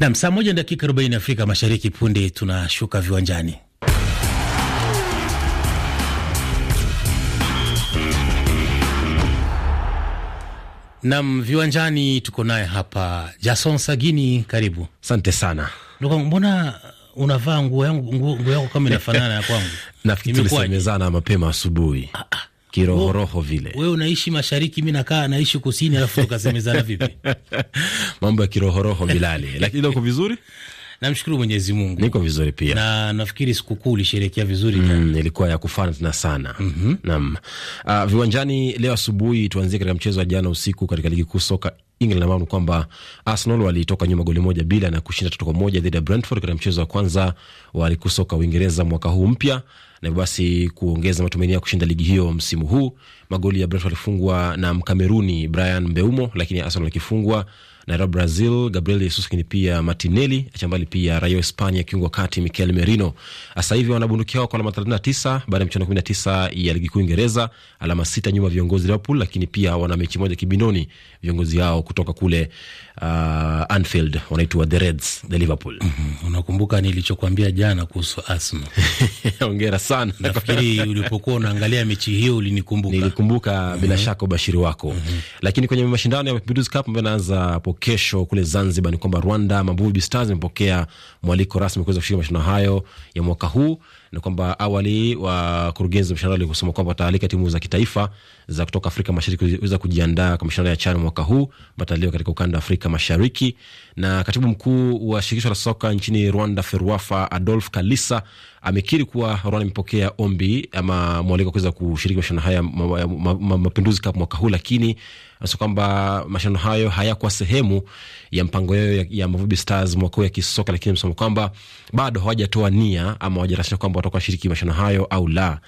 Nam, saa moja na dakika arobaini Afrika Mashariki. Punde tunashuka viwanjani nam, viwanjani tuko naye hapa Jason Sagini, karibu. Asante sana mbona unavaa nguo yangu nguo yako kama inafanana ya kwangu? Nafikiri tulisemezana mapema asubuhi ah, ah kirohoroho vile. Wewe unaishi mashariki, mi nakaa naishi kusini, alafu ukasemezana vipi? mambo ya kirohoroho Bilali, lakini uko vizuri? Namshukuru Mwenyezi Mungu, niko vizuri pia, na nafikiri sikukuu ulisherekea vizuri mm, ilikuwa ya kufana sana mm -hmm. Naam. Uh, viwanjani leo asubuhi, tuanzie katika mchezo wa jana usiku katika ligi kuu soka England ambao ni kwamba Arsenal walitoka nyuma goli moja bila na kushinda tatu kwa moja dhidi ya Brentford katika mchezo wa kwanza wa ligi kuu soka Uingereza mwaka huu mpya na basi kuongeza matumaini ya kushinda ligi hiyo msimu huu. Magoli ya Brentford alifungwa na Mkameruni Brian Mbeumo, lakini Arsenal akifungwa na Real Brazil Gabriel Jesus, lakini pia Martinelli achambali, pia raia Hispania kiungo kati Mikel Merino. Sasa hivi hao kwa alama 39 baada ya michuano 19 ya ligi kuu Uingereza, alama sita nyuma viongozi Liverpool, lakini pia wana mechi moja kibinoni viongozi hao kutoka kule uh, Anfield wanaitwa the Reds the Liverpool. mm -hmm. Unakumbuka nilichokwambia jana kuhusu Arsenal? Hongera sana, nafikiri ulipokuwa unaangalia mechi hiyo ulinikumbuka. Nilikumbuka mm -hmm. bila shaka ubashiri wako mm -hmm. Lakini kwenye mashindano ya Mapinduzi Cup ambayo inaanza hapo kesho kule Zanzibar ni kwamba Rwanda Mavubi Stars imepokea mwaliko rasmi kuweza kushiriki mashindano hayo ya mwaka huu ni kwamba awali wakurugenzi wa mashindano walikusema kwamba wataalika timu za kitaifa za kutoka Afrika Mashariki weza kujiandaa kwa mashindano ya CHAN mwaka huu mataliwa katika ukanda wa Afrika Mashariki. Na katibu mkuu wa shirikisho la soka nchini Rwanda, FERWAFA, Adolf Kalisa amekiri kuwa Rwanda imepokea ombi ama mwaliko kuweza kushiriki mashindano haya Mapinduzi Cup mwaka huu, lakini anasema kwamba mashindano hayo hayakuwa sehemu ya mpango yao ya, ya Mavubi Stars mwaka huu ya kisoka, lakini amesema kwamba bado hawajatoa nia ama hawajarasisha kwamba watakuwa shiriki mashindano hayo au la.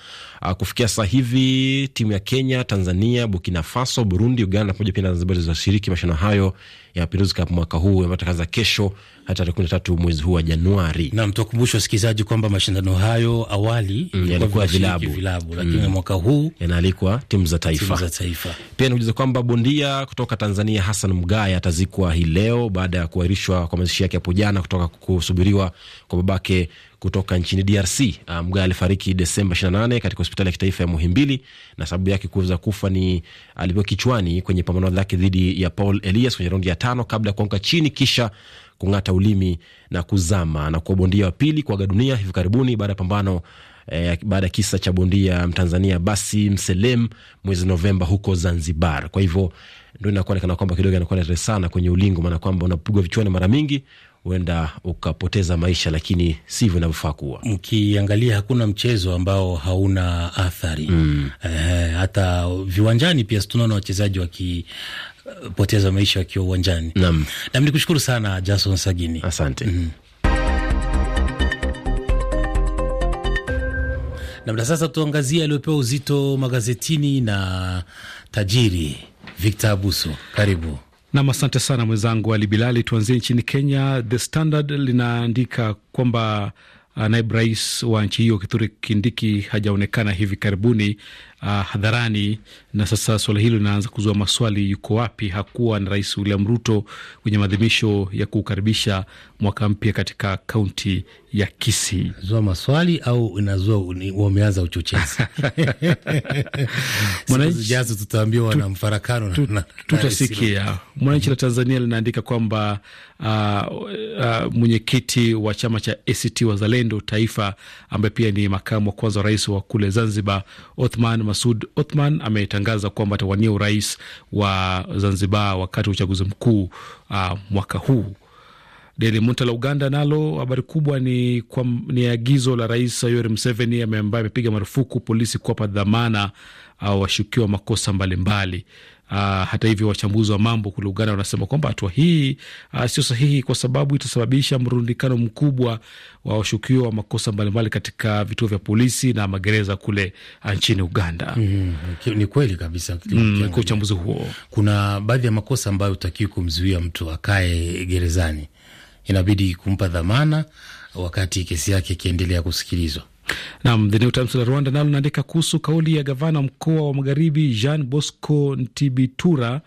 Ah, kufikia sasa hivi timu ya Kenya, Tanzania, Burkina Faso, Burundi, Uganda pamoja pia na Zanzibar zilizoshiriki mashindano hayo ya mapinduzi kwa mwaka huu yatatangaza kesho hata tarehe kumi na tatu mwezi huu wa Januari. Nam, tuwakumbusha wasikilizaji kwamba mashindano hayo awali mm, yalikuwa vilabu, vilabu mm. lakini mwaka huu yanaalikwa timu za taifa, timu za taifa. Pia nikujuza kwamba bondia kutoka Tanzania Hassan Mgaya atazikwa hii leo baada ya kuahirishwa kwa mazishi yake hapo jana kutoka kusubiriwa kwa babake kutoka nchini DRC. Ah, Mgae alifariki Desemba 28 katika hospitali ya kitaifa ya Muhimbili, na sababu yake kuweza kufa ni alipewa kichwani kwenye pambano lake dhidi ya Paul Elias kwenye raundi ya tano kabla ya kuanguka chini kisha kung'ata ulimi na kuzama na kuwa bondia wa pili kuaga dunia hivi karibuni baada ya pambano eh, baada ya kisa cha bondia Mtanzania Basi Mselem mwezi Novemba huko Zanzibar. Kwa hivyo ndo inakuwa kana kwamba kidogo anakuwa sana kwenye ulingo, maana kwamba unapigwa vichwani mara mingi, huenda ukapoteza maisha, lakini sivyo inavyofaa kuwa. Mkiangalia hakuna mchezo ambao hauna athari mm. Eh, hata viwanjani pia tunaona wachezaji waki poteza maisha wakiwa uwanjani. Naam, ni kushukuru sana Jason Sagini, asante mm. Namna sasa, tuangazie aliyopewa uzito magazetini na tajiri Victor Abuso, karibu. Nam, asante sana mwenzangu Ali Bilali. Tuanzie nchini Kenya. The Standard linaandika kwamba uh, naibu rais wa nchi hiyo Kithure Kindiki hajaonekana hivi karibuni uh, hadharani, na sasa suala hilo linaanza kuzua maswali, yuko wapi? Hakuwa na Rais William Ruto kwenye maadhimisho ya kuukaribisha mwaka mpya katika kaunti ya Kisii. Zua maswali au inazua wameanza uchochezi? Mwananchi tutaambia wana mfarakano, tutasikia. Mwananchi la Tanzania linaandika kwamba uh, uh, mwenyekiti wa chama cha ACT Wazalendo Taifa ambaye pia ni makamu wa kwanza wa rais wa kule Zanzibar Othman Masud Othman ametangaza kwamba atawania urais wa Zanzibar wakati wa uchaguzi mkuu uh, mwaka huu. Daily Monitor la Uganda nalo habari kubwa ni, kwa, ni agizo la Rais Yoweri Museveni ambaye amepiga marufuku polisi kuwapa dhamana uh, washukiwa makosa mbalimbali mbali. uh, hata hivyo wachambuzi wa mambo kule Uganda wanasema kwamba hatua hii uh, sio sahihi kwa sababu itasababisha mrundikano mkubwa wa washukiwa wa makosa mbalimbali katika vituo vya polisi na magereza kule uh, nchini Uganda. Mm, ni kweli kabisa mm, kwa uchambuzi huo kuna baadhi ya makosa ambayo utakiwi kumzuia mtu akae gerezani inabidi kumpa dhamana wakati kesi yake ikiendelea kusikilizwa. Nam, The New Times la Rwanda nalo naandika kuhusu kauli ya gavana mkoa wa magharibi Jean Bosco Ntibitura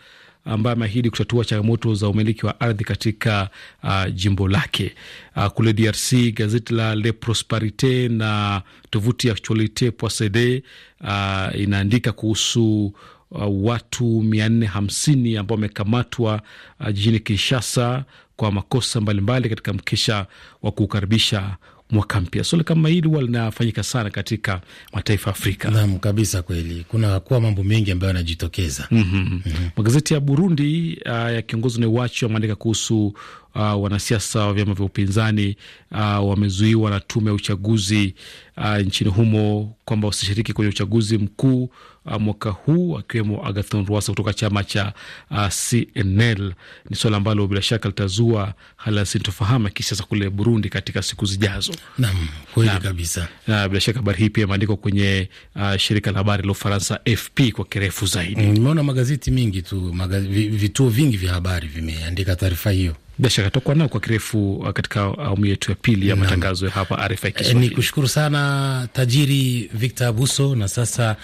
ambaye ameahidi kutatua changamoto za umiliki wa ardhi katika uh, jimbo lake. Uh, kule DRC gazeti la Le Prosperite na tovuti ya Actualite Poisede uh, inaandika kuhusu uh, watu mia nne hamsini ambao wamekamatwa uh, jijini Kinshasa kwa makosa mbalimbali mbali katika mkesha wa kuukaribisha mwaka mpya. Swali kama hili huwa linafanyika sana katika mataifa ya Afrika. Naam, kabisa kweli, kuna kuwa mambo mengi ambayo yanajitokeza. mm -hmm. mm -hmm. Magazeti ya Burundi uh, kiongozi na Iwachu ameandika kuhusu uh, wanasiasa wa vyama vya upinzani uh, wamezuiwa na tume ya uchaguzi uh, nchini humo kwamba wasishiriki kwenye uchaguzi mkuu uh, mwaka huu, akiwemo Agathon Rwasa kutoka chama cha uh, CNL. Ni swala ambalo bila shaka litazua hali ya sintofahamu ya kisiasa kule Burundi katika siku zijazo. Naam, kweli kabisa. Na bila shaka habari hii pia imeandikwa kwenye uh, shirika la habari la Ufaransa FP kwa kirefu zaidi. Mm, nimeona magazeti mingi tu magazi, vituo vingi vya habari vimeandika taarifa hiyo. Bila shaka tutakuwa nao kwa kirefu uh, katika awamu yetu ya pili ya matangazo ya hapa RFI eh, Kiswahili. ni kushukuru sana tajiri Victor Abuso, na sasa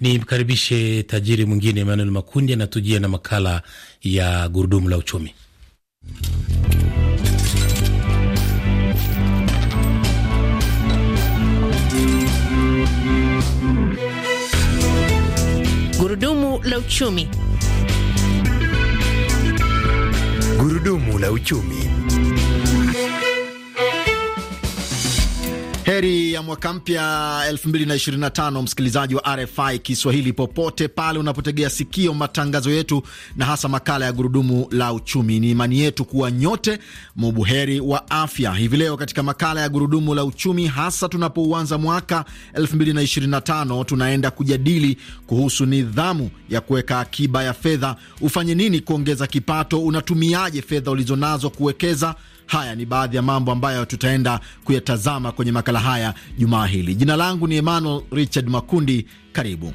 nimkaribishe tajiri mwingine Emmanuel Makundi anatujia na makala ya gurudumu la uchumi. Gurudumu la uchumi Lautiumi. Heri ya mwaka mpya 2025 msikilizaji wa RFI Kiswahili popote pale unapotegea sikio matangazo yetu na hasa makala ya gurudumu la uchumi. Ni imani yetu kuwa nyote mubuheri wa afya. Hivi leo katika makala ya gurudumu la uchumi, hasa tunapouanza mwaka 2025, tunaenda kujadili kuhusu nidhamu ya kuweka akiba ya fedha. Ufanye nini kuongeza kipato? Unatumiaje fedha ulizonazo kuwekeza Haya ni baadhi ya mambo ambayo tutaenda kuyatazama kwenye makala haya jumaa hili. Jina langu ni Emmanuel Richard Makundi, karibu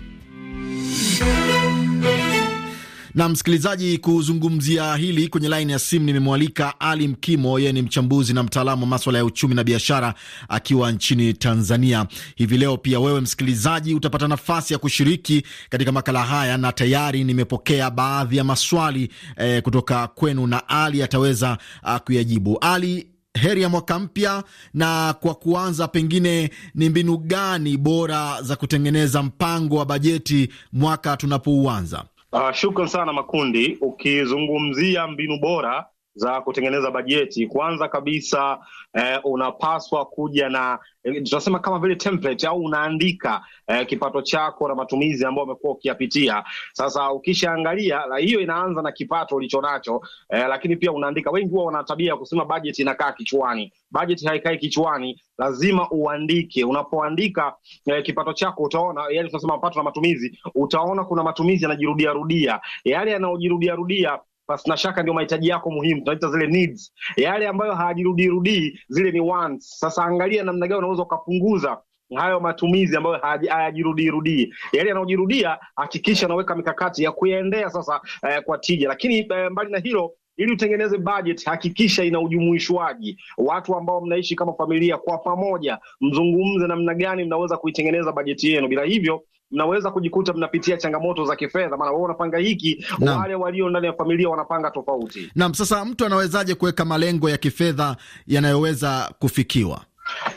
na msikilizaji, kuzungumzia hili kwenye laini ya simu nimemwalika Ali Mkimo, yeye ni mchambuzi na mtaalamu wa maswala ya uchumi na biashara akiwa nchini Tanzania. Hivi leo pia wewe msikilizaji utapata nafasi ya kushiriki katika makala haya, na tayari nimepokea baadhi ya maswali eh, kutoka kwenu na Ali ataweza uh, kuyajibu. Ali, heri ya mwaka mpya. Na kwa kuanza, pengine ni mbinu gani bora za kutengeneza mpango wa bajeti mwaka tunapouanza? Uh, shukran sana Makundi. Ukizungumzia mbinu bora za kutengeneza bajeti. Kwanza kabisa eh, unapaswa kuja na eh, tunasema kama vile template au unaandika eh, kipato chako na matumizi ambayo umekuwa ukiyapitia. Sasa ukishaangalia hiyo, inaanza na kipato ulicho nacho eh, lakini pia unaandika. Wengi huwa wana tabia ya kusema bajeti inakaa kichwani. Bajeti haikai kichwani, lazima uandike. Unapoandika eh, kipato chako utaona, yani tunasema mapato na matumizi, utaona kuna matumizi yanajirudia rudia, yale yanayojirudia rudia na shaka ndio mahitaji yako muhimu, tunaita zile needs, yale ambayo hayajirudirudii, zile ni wants. Sasa angalia namna gani unaweza ukapunguza hayo matumizi ambayo hayajirudirudii. Yale yanayojirudia hakikisha unaweka mikakati ya kuyaendea sasa eh, kwa tija. Lakini eh, mbali na hilo ili utengeneze budget, hakikisha ina ujumuishwaji. Watu ambao mnaishi kama familia kwa pamoja, mzungumze namna gani mnaweza kuitengeneza bajeti yenu. Bila hivyo mnaweza kujikuta mnapitia changamoto za kifedha, maana wewe unapanga hiki, wale walio ndani ya familia wanapanga tofauti. Naam, sasa mtu anawezaje kuweka malengo ya kifedha yanayoweza kufikiwa?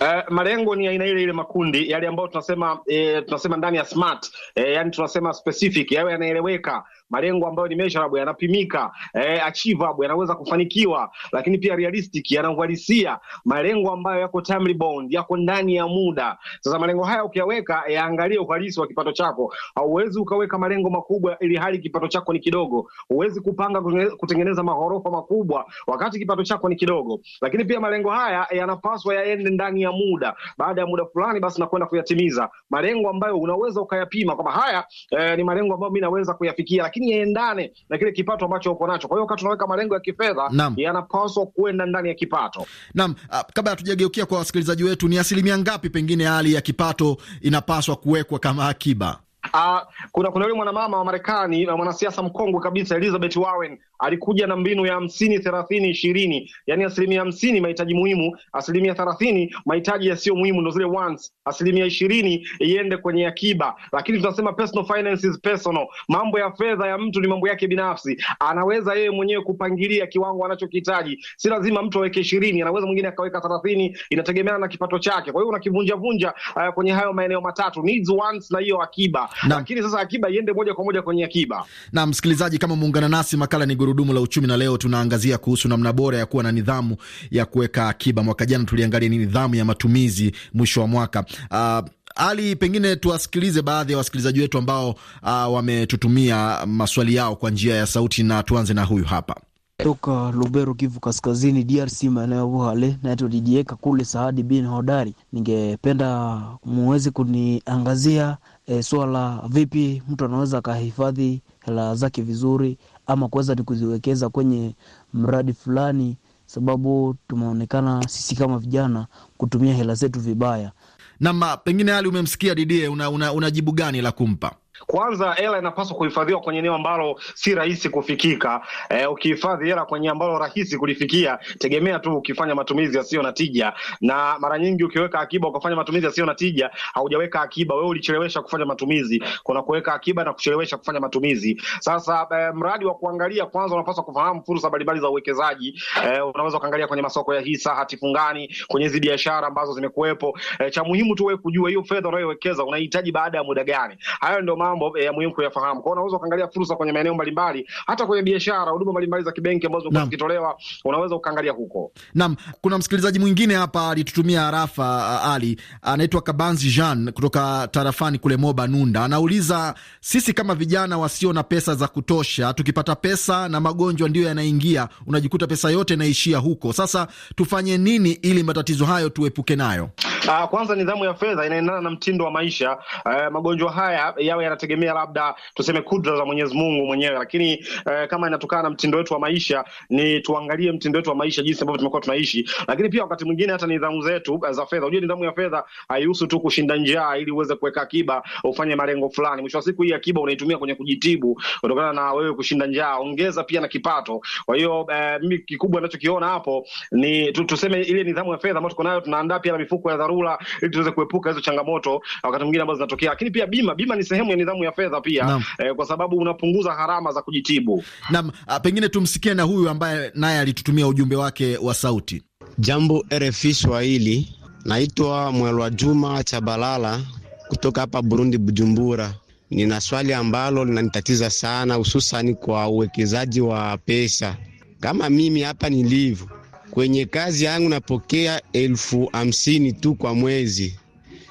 Uh, malengo ni aina ile ile makundi yale ambayo tunasema eh, tunasema ndani ya smart eh, yani tunasema specific yawe yanaeleweka malengo ambayo ni measurable yanapimika, eh, achievable yanaweza kufanikiwa, lakini pia realistic, yanauhalisia, malengo ambayo yako time bound, yako ndani ya muda. Sasa malengo haya ukiyaweka, yaangalie eh, uhalisi wa kipato chako. Hauwezi ukaweka malengo makubwa ili hali kipato chako ni kidogo. Huwezi kupanga kutengeneza maghorofa makubwa wakati kipato chako ni kidogo. Lakini pia malengo haya eh, yanapaswa yaende ndani ya muda, baada ya muda fulani, basi nakwenda kuyatimiza malengo ambayo unaweza ukayapima kwamba haya, eh, ni malengo ambayo mimi naweza kuyafikia, lakini lakini yaendane na kile kipato ambacho uko nacho. Kwa hiyo wakati tunaweka malengo ya kifedha yanapaswa kuenda ndani ya kipato. Naam, ah, kabla hatujageukia kwa wasikilizaji wetu, ni asilimia ngapi pengine hali ya kipato inapaswa kuwekwa kama akiba? Uh, kuna kuna yule mwanamama wa Marekani na mwanasiasa mkongwe kabisa Elizabeth Warren alikuja na mbinu ya hamsini thelathini ishirini yani asilimia hamsini mahitaji muhimu, asilimia thelathini mahitaji yasiyo muhimu, ndo zile wants, asilimia ishirini iende kwenye akiba. Lakini tunasema personal finance is personal, mambo ya fedha ya mtu ni mambo yake binafsi, anaweza yeye mwenyewe kupangilia kiwango anachokihitaji. Si lazima mtu aweke ishirini, anaweza mwingine akaweka thelathini, inategemeana na kipato chake. Kwa hiyo unakivunjavunja uh, kwenye hayo maeneo matatu needs, wants na hiyo akiba na. Lakini sasa akiba iende moja kwa moja kwenye akiba. Na msikilizaji, kama muungana nasi makala ni gurudumu la uchumi, na leo tunaangazia kuhusu namna bora ya kuwa na nidhamu ya kuweka akiba. Mwaka jana tuliangalia ni nidhamu ya matumizi mwisho wa mwaka. Uh, ah, ali pengine tuwasikilize baadhi ya wasikilizaji wetu ambao uh, wametutumia maswali yao kwa njia ya sauti, na tuanze na huyu hapa toka Lubero, Kivu Kaskazini, DRC, maeneo Buhale. Naitwa Didieka kule Saadi bin Hodari. Ningependa muweze kuniangazia e, swala vipi mtu anaweza akahifadhi hela zake vizuri, ama kuweza ni kuziwekeza kwenye mradi fulani, sababu tumeonekana sisi kama vijana kutumia hela zetu vibaya. Nam, pengine hali umemsikia Didie, unajibu una, una jibu gani la kumpa? Kwanza hela inapaswa kuhifadhiwa kwenye eneo ambalo si rahisi kufikika. E, ukihifadhi hela kwenye ambalo rahisi kulifikia, tegemea tu ukifanya matumizi yasiyo na tija. Na mara nyingi ukiweka akiba ukafanya matumizi yasiyo na tija, haujaweka akiba, wewe ulichelewesha kufanya matumizi. Kuna kuweka akiba na kuchelewesha kufanya matumizi. Sasa e, mradi wa kuangalia kwanza, unapaswa kufahamu fursa mbalimbali za uwekezaji. E, unaweza kuangalia kwenye masoko ya hisa, hati fungani, kwenye hizi biashara ambazo zimekuwepo. E, cha muhimu tu wewe kujua hiyo fedha unayowekeza unahitaji baada ya muda gani. Hayo ndio mambo ya muhimu kuyafahamu. Kwa hiyo unaweza ukaangalia fursa kwenye maeneo mbalimbali, hata kwenye biashara, huduma mbalimbali za kibenki ambazo zimekuwa zikitolewa, unaweza ukaangalia huko. Naam, kuna msikilizaji mwingine hapa alitutumia harafa Ali, anaitwa Kabanzi Jean kutoka tarafani kule Moba Nunda, anauliza sisi kama vijana wasio na pesa za kutosha, tukipata pesa na magonjwa ndiyo yanaingia, unajikuta pesa yote inaishia huko. Sasa tufanye nini ili matatizo hayo tuepuke nayo? Uh, kwanza nidhamu ya fedha inaendana na mtindo wa maisha. Uh, magonjwa haya yawe yanategemea labda tuseme kudra za Mwenyezi Mungu mwenyewe, lakini uh, kama inatokana na mtindo wetu wa maisha, ni tuangalie mtindo wetu wa maisha, jinsi ambavyo tumekuwa tunaishi, lakini pia wakati mwingine hata nidhamu zetu uh, za fedha. Unajua, nidhamu ya fedha haihusu tu kushinda njaa ili uweze kuweka akiba ufanye malengo fulani. Mwisho wa siku, hii akiba unaitumia kwenye kujitibu kutokana na wewe kushinda njaa, ongeza pia na kipato. Kwa hiyo uh, mimi kikubwa ninachokiona hapo ni tuseme ile nidhamu ya fedha ambayo tuko nayo, tunaandaa pia na mifuko ya dharura dharura ili tuweze kuepuka hizo changamoto wakati mwingine ambazo zinatokea. Lakini pia bima, bima ni sehemu ya nidhamu ya fedha pia eh, kwa sababu unapunguza gharama za kujitibu. Naam, ah, pengine tumsikie na huyu ambaye naye alitutumia ujumbe wake wa sauti. Jambo RFI Swahili, naitwa Mwelwa Juma Chabalala kutoka hapa Burundi, Bujumbura. Nina swali ambalo linanitatiza sana, hususani kwa uwekezaji wa pesa. Kama mimi hapa nilivyo, Kwenye kazi yangu napokea elfu hamsini tu kwa mwezi.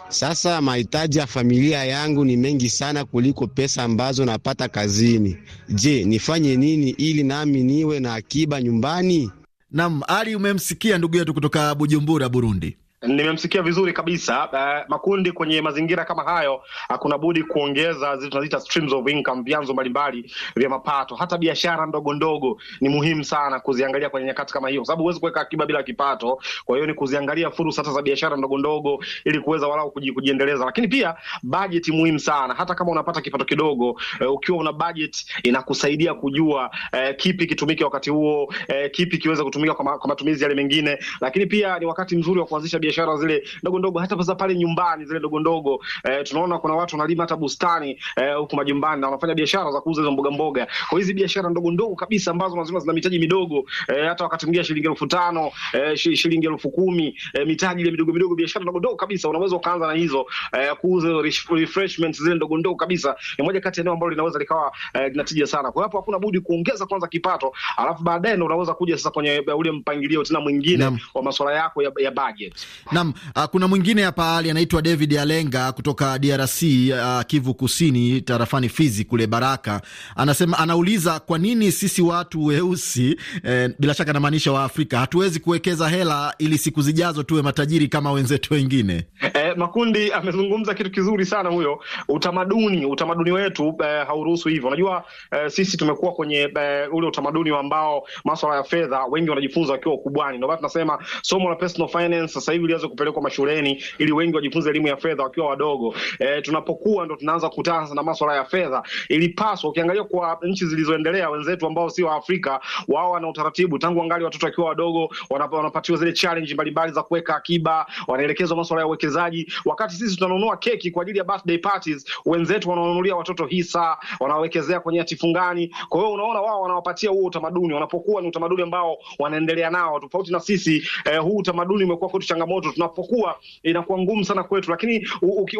Sasa mahitaji ya familia yangu ni mengi sana kuliko pesa ambazo napata kazini. Je, nifanye nini ili nami niwe na akiba nyumbani? nam Ali, umemsikia ndugu yetu kutoka Bujumbura, Burundi. Nimemsikia vizuri kabisa. Uh, makundi kwenye mazingira kama hayo hakuna budi kuongeza zile tunaziita streams of income, vyanzo mbalimbali vya mapato. Hata biashara ndogo ndogo ni muhimu sana kuziangalia kwenye nyakati kama hiyo, kwa sababu huwezi kuweka akiba bila kipato. Kwa hiyo ni kuziangalia fursa hata za biashara ndogo ndogo ili kuweza walau kujiendeleza, lakini pia budget muhimu sana. Hata kama unapata kipato kidogo, uh, ukiwa una budget inakusaidia kujua uh, kipi kitumike wakati huo, uh, kipi kiweze kutumika kwa matumizi yale mengine, lakini pia ni wakati mzuri wa kuanzisha biashara biashara zile ndogo ndogo, hata za pale nyumbani zile ndogo ndogo. Eh, tunaona kuna watu wanalima hata bustani huko eh, majumbani na wanafanya biashara za kuuza hizo mboga mboga. Kwa hizi biashara ndogo ndogo kabisa ambazo lazima zina mitaji midogo eh, hata wakati mwingine shilingi elfu tano eh, shilingi elfu kumi eh, mitaji ile midogo midogo, biashara ndogo ndogo kabisa unaweza ukaanza na hizo eh, kuuza refreshments zile ndogo ndogo kabisa. Ni moja kati ya eneo ambalo linaweza likawa linatija eh, sana. Kwa hapo hakuna budi kuongeza kwanza kipato, alafu baadaye ndo unaweza kuja sasa kwenye eh, ule mpangilio tena mwingine wa masuala yako ya, ya budget. Naam, ah, kuna mwingine hapa ali anaitwa David Alenga kutoka DRC, uh, ah, Kivu Kusini, tarafani Fizi kule Baraka. Anasema, anauliza kwa nini sisi watu weusi, eh, bila shaka anamaanisha wa Afrika, hatuwezi kuwekeza hela ili siku zijazo tuwe matajiri kama wenzetu wengine. Eh, Makundi amezungumza kitu kizuri sana huyo. Utamaduni, utamaduni wetu eh, hauruhusu hivyo. Unajua eh, sisi tumekuwa kwenye eh, ule utamaduni ambao maswala ya fedha wengi wanajifunza wakiwa ukubwani. Ndio maana tunasema somo la personal finance sasa hivi iweze kupelekwa mashuleni ili wengi wajifunze elimu ya fedha wakiwa wadogo. E, tunapokuwa ndo tunaanza kutana na masuala ya fedha. Ilipaswa ukiangalia kwa nchi zilizoendelea wenzetu ambao sio Afrika, wao wana utaratibu tangu wangali watoto wakiwa wadogo, wanapatiwa zile challenge mbalimbali za kuweka akiba, wanaelekezwa masuala ya uwekezaji, wakati sisi tunanunua keki kwa ajili ya birthday parties, wenzetu wananunulia watoto hisa, wanawekezea kwenye hatifungani. Kwa hiyo unaona wao wanawapatia huo utamaduni, wanapokuwa ni utamaduni ambao wanaendelea nao, tofauti na sisi eh, huu utamaduni umekuwa kwetu changamoto changamoto tunapokuwa inakuwa ngumu sana kwetu, lakini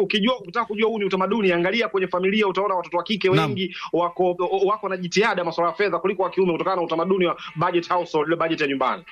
ukijua ukitaka kujua huu ni utamaduni, angalia kwenye familia, utaona watoto wa kike wengi wako wako na jitihada masuala ya fedha kuliko wa kiume, kutokana na utamaduni wa budget household, ile budget ya nyumbani.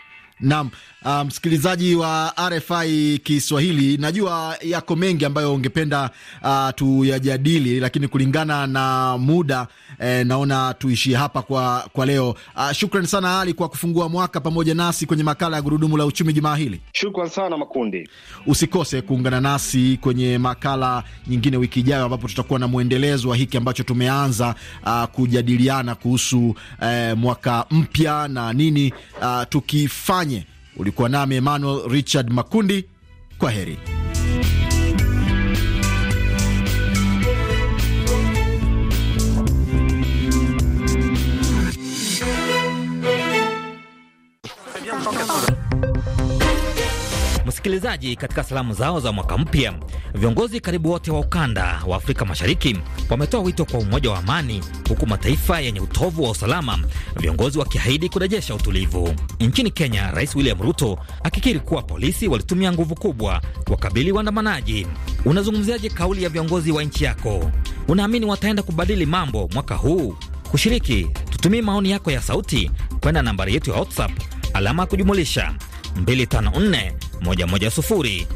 Naam, ah, msikilizaji wa RFI Kiswahili, najua yako mengi ambayo ungependa uh, tuyajadili, lakini kulingana na muda eh, naona tuishie hapa kwa, kwa leo. Uh, shukran sana Ali kwa kufungua mwaka pamoja nasi kwenye makala ya gurudumu la uchumi jumaa hili. Shukran sana Makundi. Usikose kuungana nasi kwenye makala nyingine wiki ijayo, ambapo tutakuwa na mwendelezo wa hiki ambacho tumeanza uh, kujadiliana kuhusu uh, mwaka mpya na nini uh, tukifanya Ulikuwa nami Emmanuel Richard Makundi, kwa heri. wasikilizaji katika salamu zao za mwaka mpya, viongozi karibu wote wa ukanda wa Afrika Mashariki wametoa wito kwa umoja wa amani, huku mataifa yenye utovu wa usalama viongozi wakiahidi kurejesha utulivu. Nchini Kenya, Rais William Ruto akikiri kuwa polisi walitumia nguvu kubwa wakabili waandamanaji. Unazungumziaje kauli ya viongozi wa nchi yako? Unaamini wataenda kubadili mambo mwaka huu? Kushiriki, tutumie maoni yako ya sauti kwenda nambari yetu ya WhatsApp alama ya kujumulisha 254 110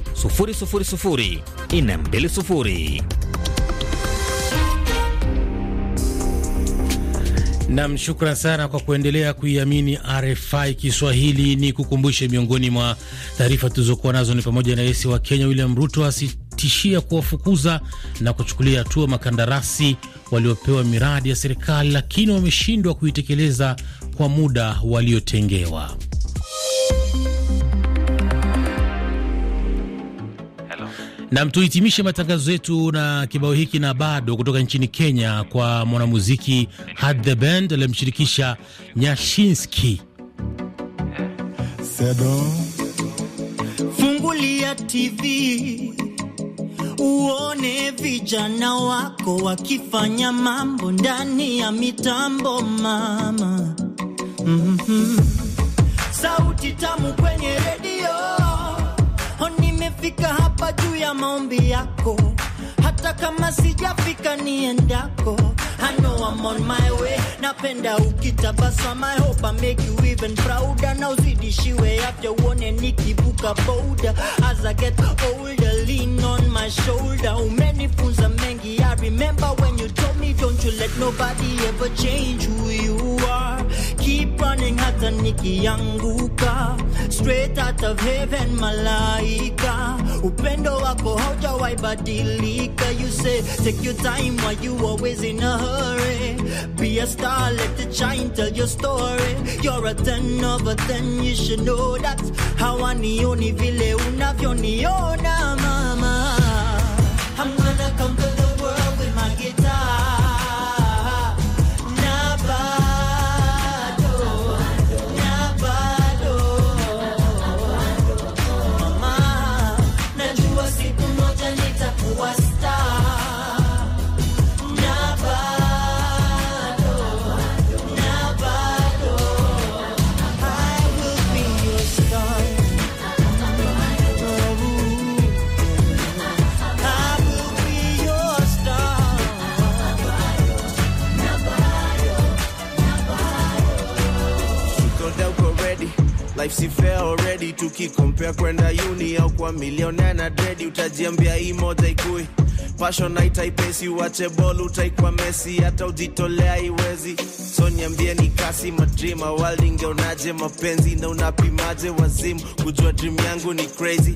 Nam, shukran sana kwa kuendelea kuiamini RFI Kiswahili. Ni kukumbushe miongoni mwa taarifa tulizokuwa nazo ni pamoja na rais wa Kenya William Ruto asitishia kuwafukuza na kuchukulia hatua makandarasi waliopewa miradi ya serikali, lakini wameshindwa kuitekeleza kwa muda waliotengewa. Nam, tuhitimishe matangazo yetu na kibao hiki na bado kutoka nchini Kenya kwa mwanamuziki Had the Band aliyemshirikisha Nyashinski. Fungulia TV uone vijana wako wakifanya mambo ndani ya mitambo mama. Mm -hmm. Sauti tamu kwenye redio, oh, nimefika ya maombi yako, hata kama sijafika niendako. I know I'm on my way. Napenda ukitabasam, I hope I make you even prouder. Na uzidishiwe afya uone nikibuka boulder. As I get older, lean on my shoulder. Umenifunza mengi, I remember when you told me don't you let nobody ever change who you are. Keep running hata nikianguka, straight out of heaven malaika. Upendo wako haujawahi badilika. You say take your time while you always in a hurry. Be a star, let it shine, tell your story. You're a ten of a ten, you should know that. Hawanioni vile unavyoniona si fair already tukikompea kwenda uni au kwa milionea na dredi utajiambia hii moja ikui passion naitaipesi uache bol utaikwa mesi hata ujitolea iwezi so niambie ni kasi madrima waldingeonaje mapenzi na unapimaje wazimu kujua dream yangu ni crazy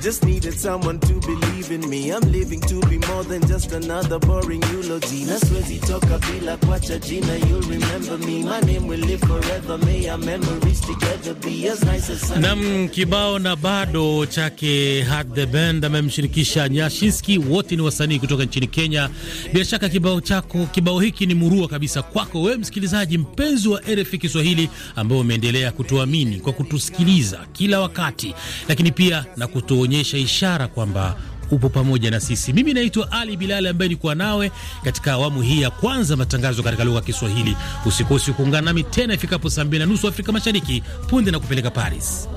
Just needed someone to believe in me. I'm living to be more than just another boring eulogy. That's where he talk Naswezi like bila a Gina. you'll remember me. My name will live forever, may our memories together be as nice as Nam kibao na bado chake Had the Band amemshirikisha Nyashinski, wote ni wasanii kutoka nchini Kenya. Bila shaka kibao chako, kibao hiki ni murua kabisa kwako wewe msikilizaji mpenzi wa RFI Kiswahili ambao umeendelea kutuamini kwa kutusikiliza kila wakati, lakini pia na kutuonyesha kuonyesha ishara kwamba upo pamoja na sisi. Mimi naitwa Ali Bilali ambaye nilikuwa nawe katika awamu hii ya kwanza matangazo katika lugha ya Kiswahili. Usikose kuungana nami tena ifikapo saa mbili na nusu Afrika Mashariki punde na kupeleka Paris.